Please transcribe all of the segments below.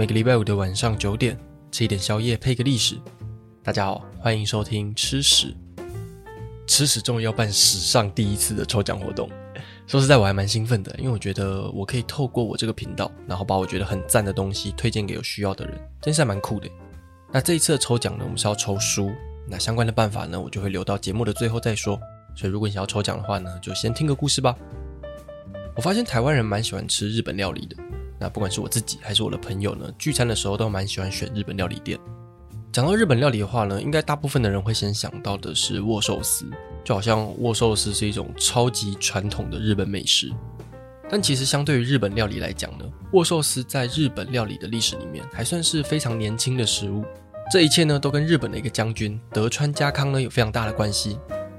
每個禮拜五的晚上九點，吃一點宵夜配個歷史。大家好，歡迎收聽吃史。吃史終於要辦史上第一次的抽獎活動，說實在我還蠻興奮的，因為我覺得我可以透過我這個頻道，然後把我覺得很讚的東西推薦給有需要的人，真是還蠻酷的。那這一次的抽獎呢，我們是要抽書，那相關的辦法呢，我就會留到節目的最後再說。所以如果你想要抽獎的話呢，就先聽個故事吧。我發現台灣人蠻喜歡吃日本料理的。那不管是我自己還是我的朋友呢，聚餐的時候都蠻喜歡選日本料理店。講到日本料理的話呢，應該大部分的人會先想到的是握壽司，就好像握壽司是一種超級傳統的日本美食。但其實相對於日本料理來講呢，握壽司在日本料理的歷史裡面還算是非常年輕的食物。這一切呢，都跟日本的一個將軍，德川家康呢，有非常大的關係。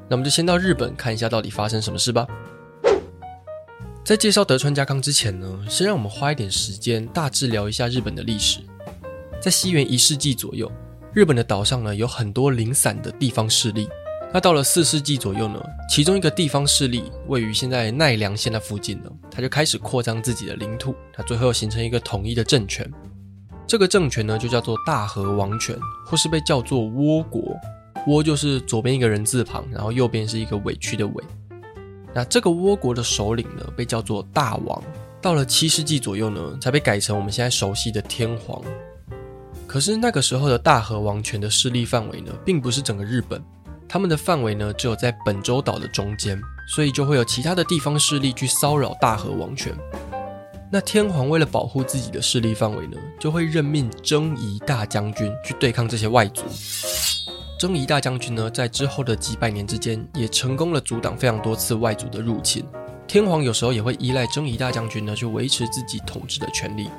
那我們就先到日本看一下到底發生什麼事吧。在介紹德川家康之前呢，先讓我們花一點時間大致聊一下日本的歷史。在西元一世紀左右，日本的島上呢，有很多零散的地方勢力。那到了四世紀左右呢，其中一個地方勢力位於現在奈良縣的附近呢，他就開始擴張自己的領土，他最後形成一個統一的政權。這個政權呢，就叫做大和王權，或是被叫做倭國。倭就是左邊一個人字旁，然後右邊是一個委屈的委。那這個倭國的首領呢，被叫做大王。到了七世紀左右呢，才被改成我們現在熟悉的天皇。可是那個時候的大和王權的勢力範圍呢，並不是整個日本，他們的範圍呢只有在本州島的中間，所以就會有其他的地方勢力去騷擾大和王權。那天皇為了保護自己的勢力範圍呢，就會任命征夷大將軍去對抗這些外族。征夷大將軍呢，在之後的幾百年之間，也成功了阻擋非常多次外族的入侵。天皇有時候也會依賴征夷大將軍呢，去維持自己統治的權力。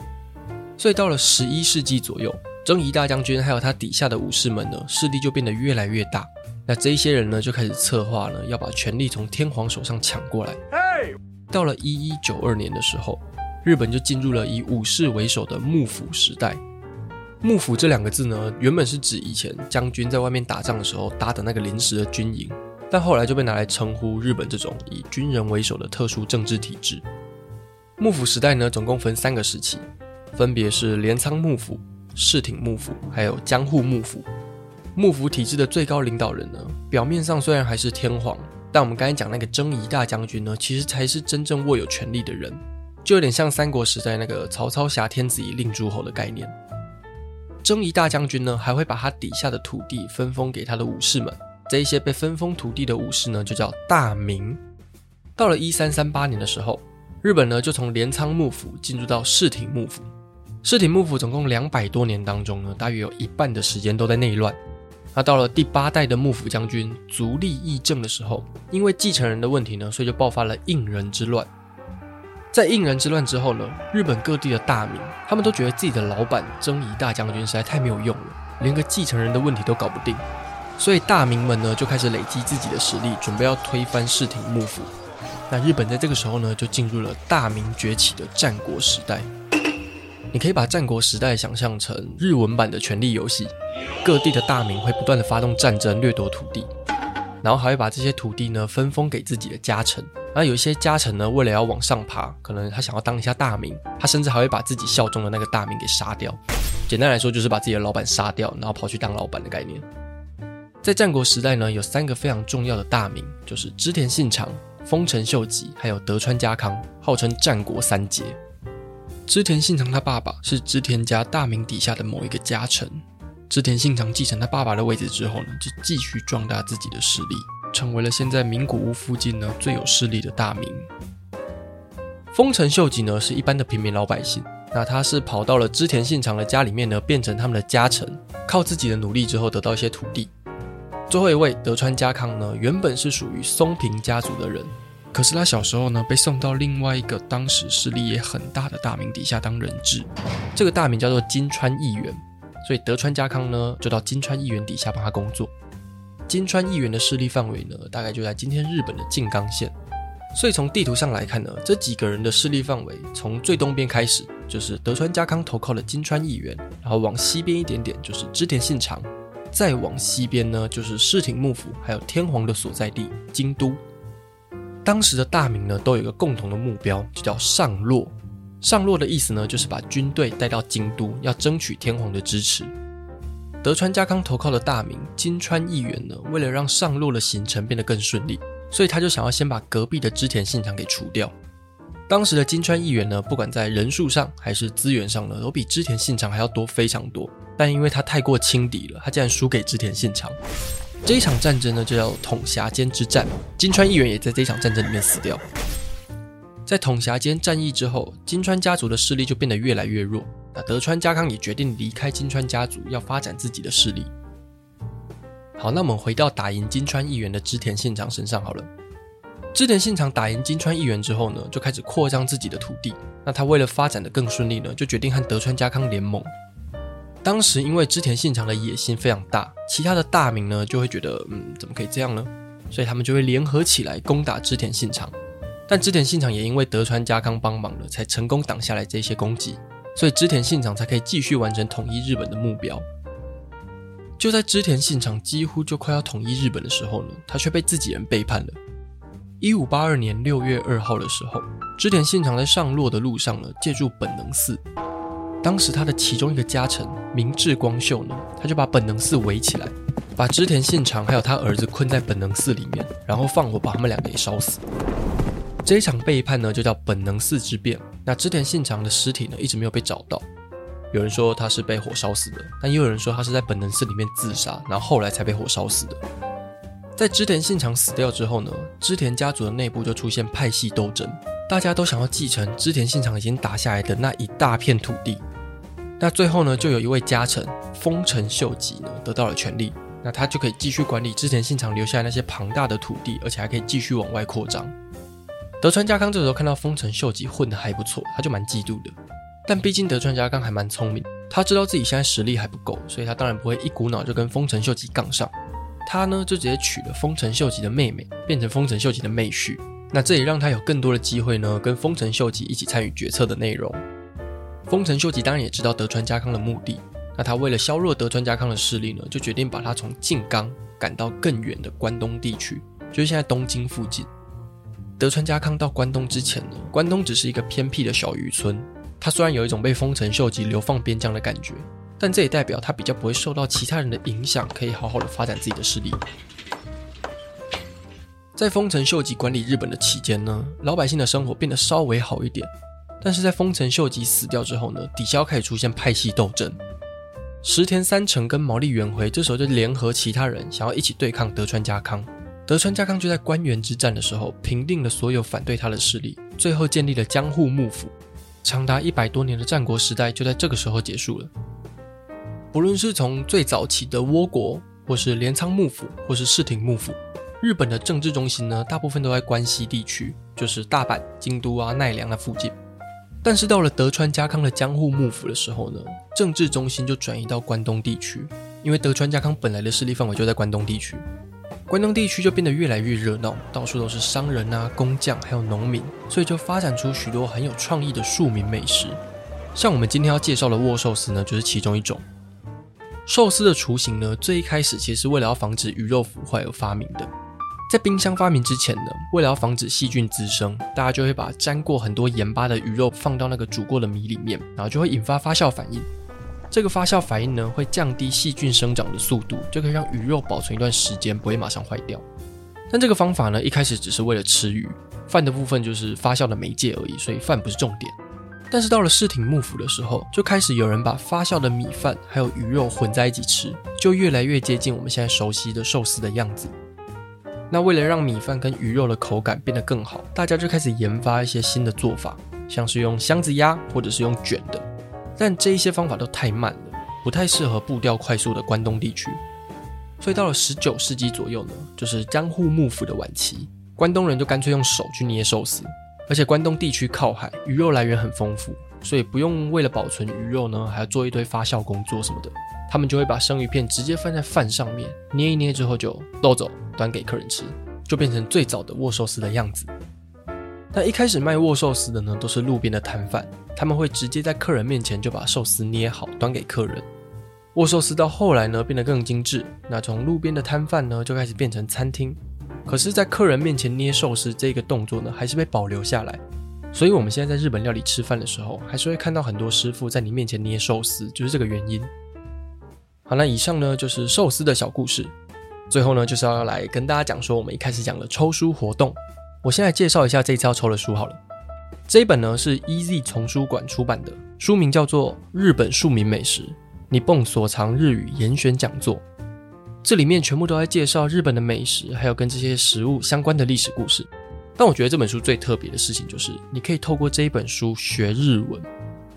所以到了十一世紀左右，征夷大將軍還有他底下的武士們呢，勢力就變得越來越大。那這些人呢，就開始策劃呢，要把權力從天皇手上搶過來。Hey! 到了一一九二年的時候，日本就進入了以武士為首的幕府時代。幕府這兩個字呢，原本是指以前將軍在外面打仗的時候搭的那個臨時的軍營，但後來就被拿來稱呼日本這種以軍人為首的特殊政治體制。幕府時代呢，總共分三個時期，分別是鎌倉幕府、室町幕府，還有江戶幕府。幕府體制的最高領導人呢，表面上雖然還是天皇，但我們剛才講那個征夷大將軍呢，其實才是真正握有權力的人，就有點像三國時代那個曹操挾天子以令諸侯的概念。征夷大將軍呢，還會把他底下的土地分封給他的武士們，這一些被分封土地的武士呢，就叫大名。到了一三三八年的時候，日本呢就從鐮倉幕府進入到室町幕府。室町幕府總共兩百多年當中呢，大約有一半的時間都在內亂。那、啊、到了第八代的幕府將軍足利義政的時候，因為繼承人的問題呢，所以就爆發了應仁之亂。在應仁之亂之後呢，日本各地的大名他們都覺得自己的老板征夷大將軍實在太沒有用了，連個繼承人的問題都搞不定，所以大名們呢就開始累積自己的實力，準備要推翻室町幕府。那日本在這個時候呢，就進入了大名崛起的戰國時代。你可以把戰國時代想象成日文版的權力遊戲，各地的大名會不斷的發動戰爭掠奪土地，然後還會把這些土地呢分封給自己的家臣。而有一些家臣呢，為了要往上爬，可能他想要當一下大名，他甚至還會把自己效忠的那個大名給殺掉。簡單來說，就是把自己的老闆殺掉，然後跑去當老闆的概念。在戰國時代呢，有三個非常重要的大名，就是織田信長、豐臣秀吉還有德川家康，號稱戰國三傑。織田信長他爸爸是織田家大名底下的某一個家臣，織田信長繼承他爸爸的位置之後呢，就繼續壯大自己的勢力。成為了現在名古屋附近呢，最有勢力的大名。豐臣秀吉呢，是一般的平民老百姓，那他是跑到了織田信長的家裡面呢，變成他們的家臣，靠自己的努力之後得到一些土地。最後一位德川家康呢，原本是屬於松平家族的人，可是他小時候呢，被送到另外一個當時勢力也很大的大名底下當人質，這個大名叫做今川義元，所以德川家康呢就到今川義元底下幫他工作。今川義元的勢力範圍呢，大概就在今天日本的靜岡縣。所以從地圖上來看呢，這幾個人的勢力範圍，從最東邊開始就是德川家康投靠了今川義元；然後往西邊一點點就是織田信長，再往西邊呢就是室町幕府，還有天皇的所在地京都。當時的大名呢都有一個共同的目標，就叫上洛。上洛的意思呢就是把軍隊帶到京都，要爭取天皇的支持。德川家康投靠的大名今川義元呢，為了讓上洛的行程變得更順利，所以他就想要先把隔壁的織田信長給除掉。當時的今川義元呢，不管在人數上還是資源上呢，都比織田信長還要多非常多。但因為他太過輕敵了，他竟然輸給織田信長。這一場戰爭呢，就叫桶狹間之戰。今川義元也在這一場戰爭裡面死掉。在桶狹間戰役之後，金川家族的勢力就變得越來越弱。那德川家康也決定離開今川家族，要發展自己的勢力。好，那我們回到打贏今川義元的織田信長身上好了。織田信長打贏今川義元之後呢，就開始擴張自己的土地。那他為了發展得更順利呢，就決定和德川家康聯盟。當時因為織田信長的野心非常大，其他的大名呢就會覺得，嗯，怎麼可以這樣呢？所以他們就會聯合起來攻打織田信長。但織田信長也因為德川家康幫忙了，才成功擋下來這些攻擊。所以織田信長才可以繼續完成統一日本的目標。就在織田信長幾乎就快要統一日本的時候呢，他卻被自己人背叛了。一五八二年六月二號的時候，織田信長在上洛的路上呢，借助本能寺，當時他的其中一個家臣明智光秀呢，他就把本能寺圍起來，把織田信長還有他兒子困在本能寺裡面，然後放火把他們兩個給燒死。這一場背叛呢，就叫本能寺之變。那織田信長的屍體呢，一直沒有被找到。有人說他是被火燒死的，但也有人說他是在本能寺裡面自殺，然後後來才被火燒死的。在織田信長死掉之後呢，織田家族的內部就出現派系鬥爭，大家都想要繼承織田信長已經打下來的那一大片土地。那最後呢，就有一位家臣豐臣秀吉呢，得到了權力。那他就可以繼續管理織田信長留下來那些龐大的土地，而且還可以繼續往外擴張。德川家康這時候看到豐臣秀吉混得還不錯，他就蠻嫉妒的。但畢竟德川家康還蠻聰明，他知道自己現在實力還不夠，所以他當然不會一股腦就跟豐臣秀吉槓上。他呢就直接娶了豐臣秀吉的妹妹，變成豐臣秀吉的妹婿。那這也讓他有更多的機會呢，跟豐臣秀吉一起參與決策的內容。豐臣秀吉當然也知道德川家康的目的，那他為了削弱德川家康的勢力呢，就決定把他從靜岡趕到更遠的關東地區，就是現在東京附近。德川家康到關東之前呢，關東只是一個偏僻的小漁村。他雖然有一種被豐臣秀吉流放邊疆的感覺，但這也代表他比較不會受到其他人的影響，可以好好的發展自己的勢力。在豐臣秀吉管理日本的期間呢，老百姓的生活變得稍微好一點。但是在豐臣秀吉死掉之後呢，底下開始出現派系鬥爭。石田三成跟毛利元輝這時候就聯合其他人，想要一起對抗德川家康。德川家康就在關原之戰的時候平定了所有反對他的勢力，最後建立了江戶幕府。長達一百多年的戰國時代就在這個時候結束了。不論是從最早期的倭國，或是鐮倉幕府，或是室町幕府，日本的政治中心呢，大部分都在關西地區，就是大阪、京都啊、奈良那、啊、附近。但是到了德川家康的江戶幕府的時候呢，政治中心就轉移到關東地區，因為德川家康本來的勢力範圍就在關東地區。關東地區就變得越來越熱鬧，到處都是商人啊、工匠，還有農民，所以就發展出許多很有創意的庶民美食。像我們今天要介紹的握壽司呢，就是其中一種。壽司的雛形呢，最一開始其實是為了要防止魚肉腐壞而發明的。在冰箱發明之前呢，為了要防止細菌滋生，大家就會把沾過很多鹽巴的魚肉放到那個煮過的米裡面，然後就會引發發酵反應。這個發酵反應呢，會降低細菌生長的速度，就可以讓魚肉保存一段時間，不會馬上壞掉。但這個方法呢，一開始只是為了吃魚，飯的部分就是發酵的媒介而已，所以飯不是重點。但是到了室町幕府的時候，就開始有人把發酵的米飯還有魚肉混在一起吃，就越來越接近我們現在熟悉的壽司的樣子。那為了讓米飯跟魚肉的口感變得更好，大家就開始研發一些新的做法，像是用箱子壓，或者是用捲的。但這一些方法都太慢了，不太適合步調快速的關東地區，所以到了十九世紀左右呢，就是江戶幕府的晚期，關東人就乾脆用手去捏壽司，而且關東地區靠海，魚肉來源很豐富，所以不用為了保存魚肉呢，還要做一堆發酵工作什麼的，他們就會把生魚片直接放在飯上面，捏一捏之後就漏走，端給客人吃，就變成最早的握壽司的樣子。那一開始賣握壽司的呢，都是路邊的攤販，他們會直接在客人面前就把壽司捏好，端給客人。握壽司到後來呢，變得更精緻。那從路邊的攤販呢，就開始變成餐廳。可是，在客人面前捏壽司這個動作呢，還是被保留下來。所以，我們現在在日本料理吃飯的時候，還是會看到很多師傅在你面前捏壽司，就是這個原因。好，那以上呢，就是壽司的小故事。最後呢，就是要來跟大家講說，我們一開始講的抽書活動。我先來介紹一下這一次要抽的書好了，這一本呢是 EZ 叢書館出版的，書名叫做《日本庶民美食》，你蹦所長日語嚴選講座。這裡面全部都在介紹日本的美食，還有跟這些食物相關的歷史故事。但我覺得這本書最特別的事情就是，你可以透過這一本書學日文。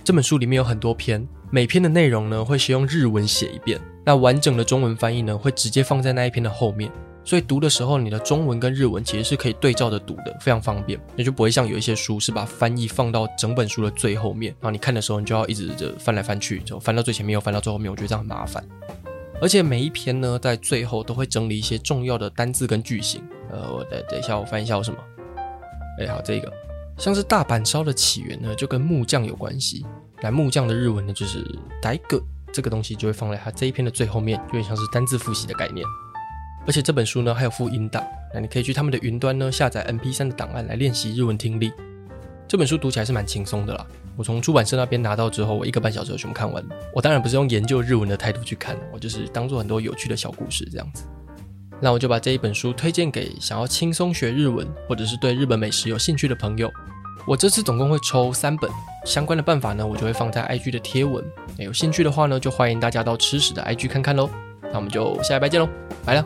這本書裡面有很多篇，每篇的內容呢會先用日文寫一遍。那完整的中文翻譯呢，會直接放在那一篇的後面，所以讀的時候，你的中文跟日文其實是可以對照着讀的，非常方便，那就不會像有一些書是把翻譯放到整本書的最後面，然後你看的時候，你就要一直翻來翻去，就翻到最前面又翻到最後面，我覺得這樣很麻煩。而且每一篇呢，在最後都會整理一些重要的單字跟句型。呃，我等一下我翻譯一下我什麼。哎、欸，好，這個像是大阪燒的起源呢，就跟木匠有關係。來，木匠的日文呢就是“だい這個東西就會放在它這一篇的最後面，有點像是單字複習的概念。而且這本書呢還有附音檔，那你可以去他們的雲端呢下載 MP3 的檔案來練習日文聽力。這本書讀起來是蠻輕鬆的啦，我從出版社那邊拿到之後，我一個半小時就全部看完。我當然不是用研究日文的態度去看，我就是當做很多有趣的小故事這樣子。那我就把這一本書推薦給想要輕鬆學日文或者是對日本美食有興趣的朋友。我這次總共會抽三本相關的辦法呢，我就會放在 IG 的貼文。有興趣的話呢，就歡迎大家到吃史的 IG 看看嘍。那我們就下禮拜見嘍，拜了。